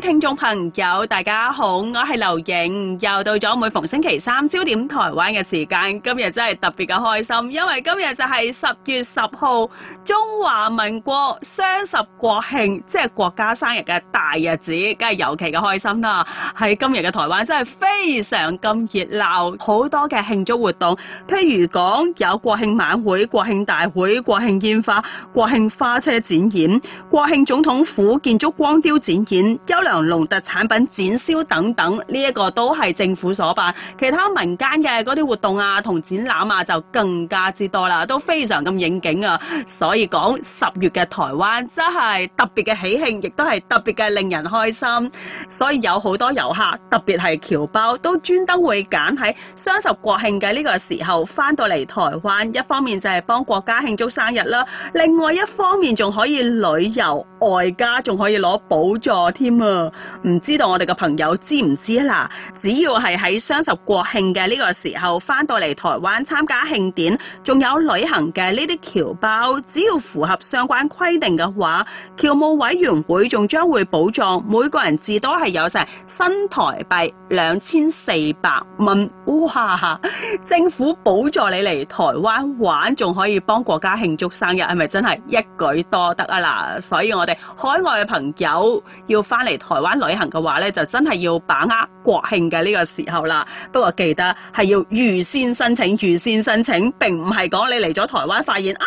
聽眾朋友，大家好，我係劉穎，又到咗每逢星期三焦點台灣嘅時間，今日真係特別嘅開心，因為今日就係十月十號中華民國雙十國慶，即係國家生日嘅大日子，梗係尤其嘅開心啦。喺今日嘅台灣真係非常咁熱鬧，好多嘅慶祝活動，譬如講有國慶晚會、國慶大會、國慶煙花、國慶花車展演、國慶總統府建築光雕展演，農特產品展銷等等，呢一個都係政府所辦，其他民間嘅嗰啲活動啊同展覽啊就更加之多啦，都非常咁應景啊！所以講十月嘅台灣真係特別嘅喜慶，亦都係特別嘅令人開心。所以有好多遊客，特別係僑胞，都專登會揀喺雙十國慶嘅呢個時候翻到嚟台灣，一方面就係幫國家慶祝生日啦，另外一方面仲可以旅遊，外加仲可以攞補助添啊！嗯，唔知道我哋嘅朋友知唔知啊？嗱，只要係喺雙十國慶嘅呢個時候翻到嚟台灣參加慶典，仲有旅行嘅呢啲僑胞，只要符合相關規定嘅話，僑務委員會仲將會保障每個人至多係有成新台幣兩千四百蚊。哇！政府補助你嚟台灣玩，仲可以幫國家慶祝生日，係咪真係一舉多得啊？嗱，所以我哋海外嘅朋友要翻嚟。台灣旅行嘅話咧，就真係要把握國慶嘅呢個時候啦。不過記得係要預先申請，預先申請，並唔係講你嚟咗台灣發現啊。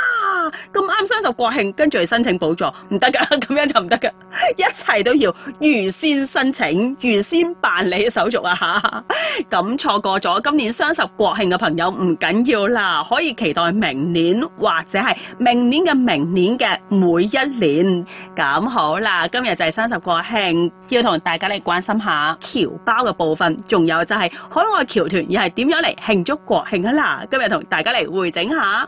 咁啱雙十國慶，跟住申請補助唔得噶，咁樣就唔得噶，一切都要預先申請、預先辦理手續啊！咁錯過咗今年雙十國慶嘅朋友唔緊要啦，可以期待明年或者係明年嘅明年嘅每一年。咁好啦，今日就係雙十國慶，要同大家嚟關心下僑胞嘅部分，仲有就係海外僑團又係點樣嚟慶祝國慶啦？今日同大家嚟回整下。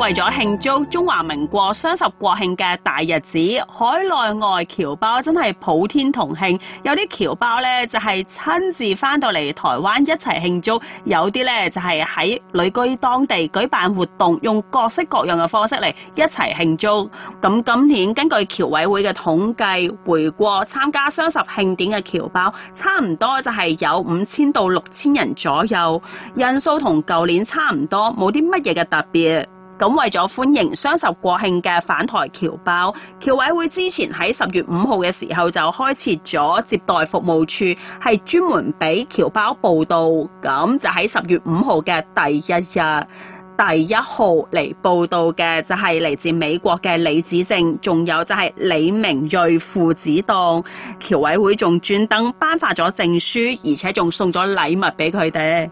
為咗慶祝中華民國雙十國慶嘅大日子，海內外僑胞真係普天同慶。有啲僑胞呢，就係親自翻到嚟台灣一齊慶祝，有啲呢，就係喺旅居當地舉辦活動，用各式各樣嘅方式嚟一齊慶祝。咁今年根據僑委會嘅統計，回國參加雙十慶典嘅僑胞差唔多就係有五千到六千人左右，人數同舊年差唔多，冇啲乜嘢嘅特別。咁為咗歡迎雙十國慶嘅返台僑胞，僑委會之前喺十月五號嘅時候就開設咗接待服務處，係專門俾僑胞報到。咁就喺十月五號嘅第一日、第一號嚟報到嘅就係嚟自美國嘅李子正，仲有就係李明瑞父子檔。僑委會仲專登頒發咗證書，而且仲送咗禮物俾佢哋。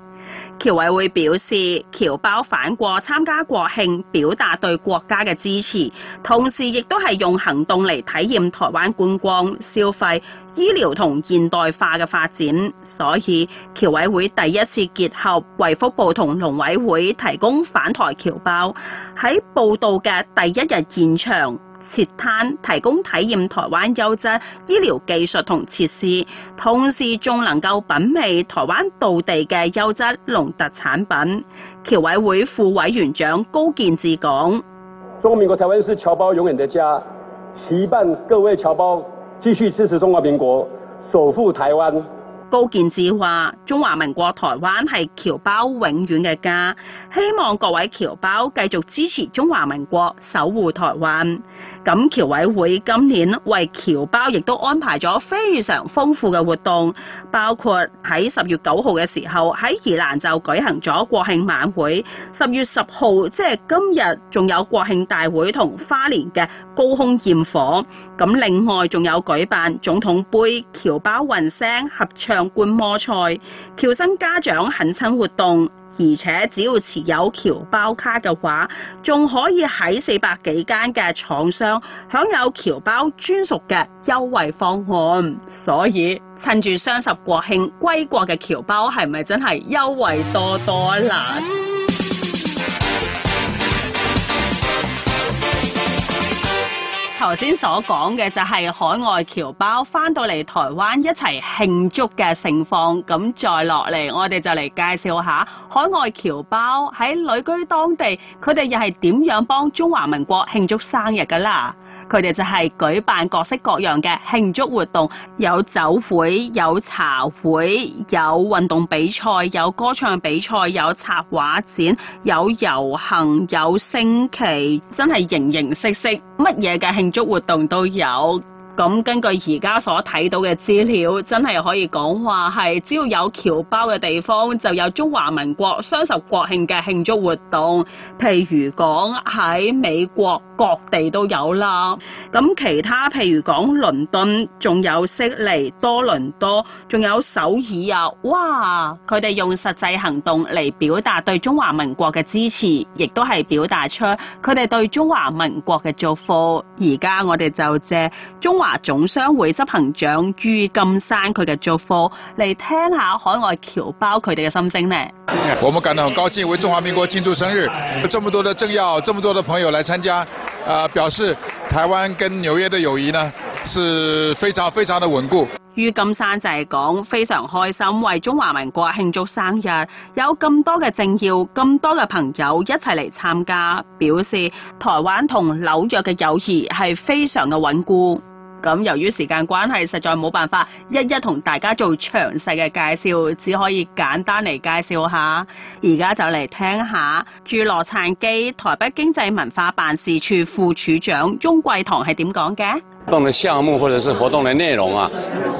僑委會表示，僑胞返國參加國慶，表達對國家嘅支持，同時亦都係用行動嚟體驗台灣觀光、消費、醫療同現代化嘅發展。所以，僑委會第一次結合衛福部同農委會提供返台僑胞喺報到嘅第一日現場。設攤提供體驗台灣優質醫療技術同設施，同時仲能夠品味台灣道地嘅優質農特產品。僑委會副委員長高健志講：中華民國台灣是僑胞永遠嘅家，期盼各位僑胞繼續支持中華民國，守護台灣。高健志話：中華民國台灣係僑胞永遠嘅家，希望各位僑胞繼續支持中華民國守護，守護台灣。咁僑委會今年為僑包亦都安排咗非常豐富嘅活動，包括喺十月九號嘅時候喺宜蘭就舉行咗國慶晚會，十月十號即係今日仲有國慶大會同花蓮嘅高空焰火，咁另外仲有舉辦總統杯僑包雲聲合唱冠摩賽僑生家長懇親活動。而且只要持有僑胞卡嘅話，仲可以喺四百幾間嘅廠商享有僑胞專屬嘅優惠方案。所以趁住雙十國慶歸國嘅僑胞，係咪真係優惠多多啦？頭先所講嘅就係海外僑胞翻到嚟台灣一齊慶祝嘅盛況，咁再落嚟，我哋就嚟介紹一下海外僑胞喺旅居當地，佢哋又係點樣幫中華民國慶祝生日㗎喇。佢哋就係舉辦各式各樣嘅慶祝活動，有酒會，有茶會，有運動比賽，有歌唱比賽，有插畫展，有遊行，有升旗，真係形形色色，乜嘢嘅慶祝活動都有。咁根據而家所睇到嘅資料，真係可以講話係，只要有僑胞嘅地方就有中華民國雙十國慶嘅慶祝活動。譬如講喺美國各地都有啦。咁其他譬如講倫敦，仲有悉尼、多倫多，仲有首爾啊！哇，佢哋用實際行動嚟表達對中華民國嘅支持，亦都係表達出佢哋對中華民國嘅祝福。而家我哋就借中華總商會執行長于金山佢嘅祝福嚟聽下海外僑胞佢哋嘅心聲呢，我們感到很高興，為中華民國慶祝生日，這麼多的政要，這麼多的朋友來參加，啊、呃，表示台灣跟紐約的友誼呢是非常非常的穩固。于金山就係講非常開心為中華民國慶祝生日，有咁多嘅政要，咁多嘅朋友一齊嚟參加，表示台灣同紐約嘅友誼係非常嘅穩固。咁由於時間關係，實在冇辦法一一同大家做詳細嘅介紹，只可以簡單嚟介紹下。而家就嚟聽下駐洛杉磯台北經濟文化辦事處副處長鐘桂堂係點講嘅。活動的項目或者是活動的內容啊，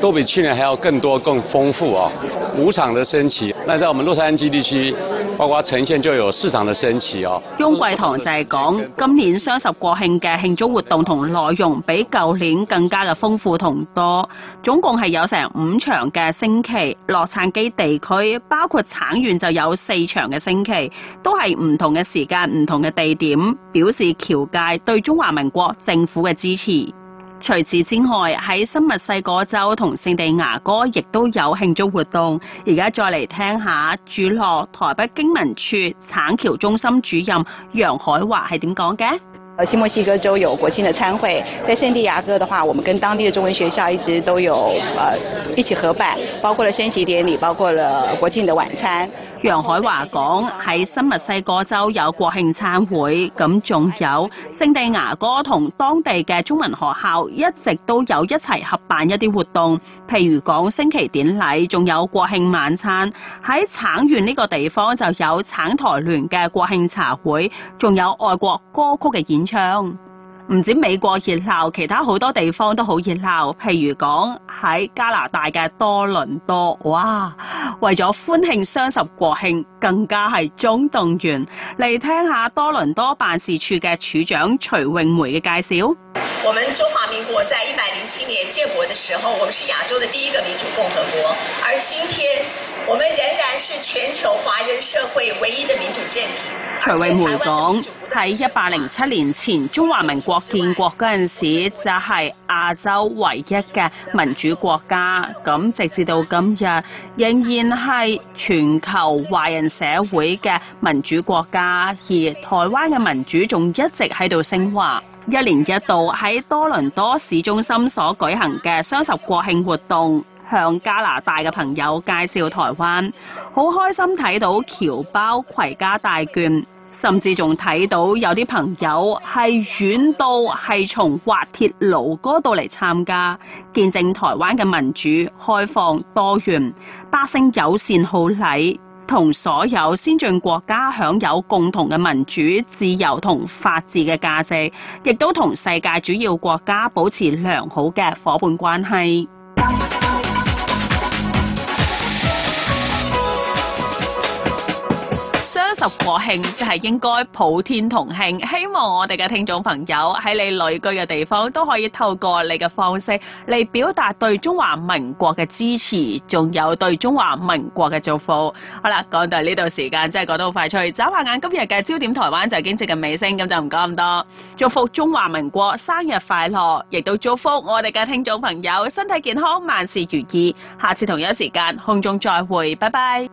都比去年還要更多更豐富啊、哦，五場的升旗。那在我們洛杉磯地區。包括呈現就有市場的升旗哦。雍桂堂就係講今年雙十國慶嘅慶祝活動同內容比舊年更加嘅豐富同多，總共係有成五場嘅升旗，洛杉磯地區包括橙縣就有四場嘅升旗，都係唔同嘅時間、唔同嘅地點，表示僑界對中華民國政府嘅支持。除此之外，喺新墨西哥州同聖地牙哥亦都有慶祝活動。而家再嚟聽一下駐洛台北經文處僑教中心主任楊海華係點講嘅？誒，新墨西哥州有國慶嘅餐會在聖地牙哥的話，我們跟當地嘅中文學校一直都有誒一起合辦，包括了升旗典禮，包括了國慶嘅晚餐。楊海華講，喺新墨西哥州有國慶餐會，咁仲有聖地牙哥同當地嘅中文學校一直都有一齊合辦一啲活動，譬如講升旗典禮，仲有國慶晚餐。喺橙園呢個地方就有橙台聯嘅國慶茶會，仲有外國歌曲嘅演唱。唔止美國熱鬧，其他好多地方都好熱鬧。譬如講喺加拿大嘅多倫多，哇！為咗歡慶雙十國慶，更加係總動員嚟聽下多倫多辦事處嘅處，處，處，處，處長徐永梅嘅介紹。我們中華民國在一百零七年建國的時候，我們是亞洲的第一個民主共和國，而今天。我們仍然是全球華人社會唯一的民主政體。徐偉梅講：喺一百零七年前，中華民國建國嗰陣時，就係亞洲唯一嘅民主國家。咁、就是、直至到今日，仍然係全球華人社會嘅民主國家。而台灣嘅民主仲一直喺度升華。一年一度喺多倫多市中心所舉行嘅雙十國慶活動向加拿大嘅朋友介紹台灣，好開心睇到僑胞攜家帶眷，甚至仲睇到有啲朋友係遠到係從滑鐵盧嗰度嚟參加，見證台灣嘅民主開放多元，百姓友善好禮，同所有先進國家享有共同嘅民主、自由同法治嘅價值，亦都同世界主要國家保持良好嘅伙伴關係。十國慶即係應該普天同慶，希望我哋嘅聽眾朋友喺你旅居嘅地方都可以透過你嘅方式嚟表達對中華民國嘅支持，仲有對中華民國嘅祝福。好啦，講到呢度時間真係講得好快脆，眨下眼今日嘅焦點台灣就已經接近尾聲，咁就唔講咁多，祝福中華民國生日快樂，亦都祝福我哋嘅聽眾朋友身體健康，萬事如意。下次同一時間空中再會，拜拜。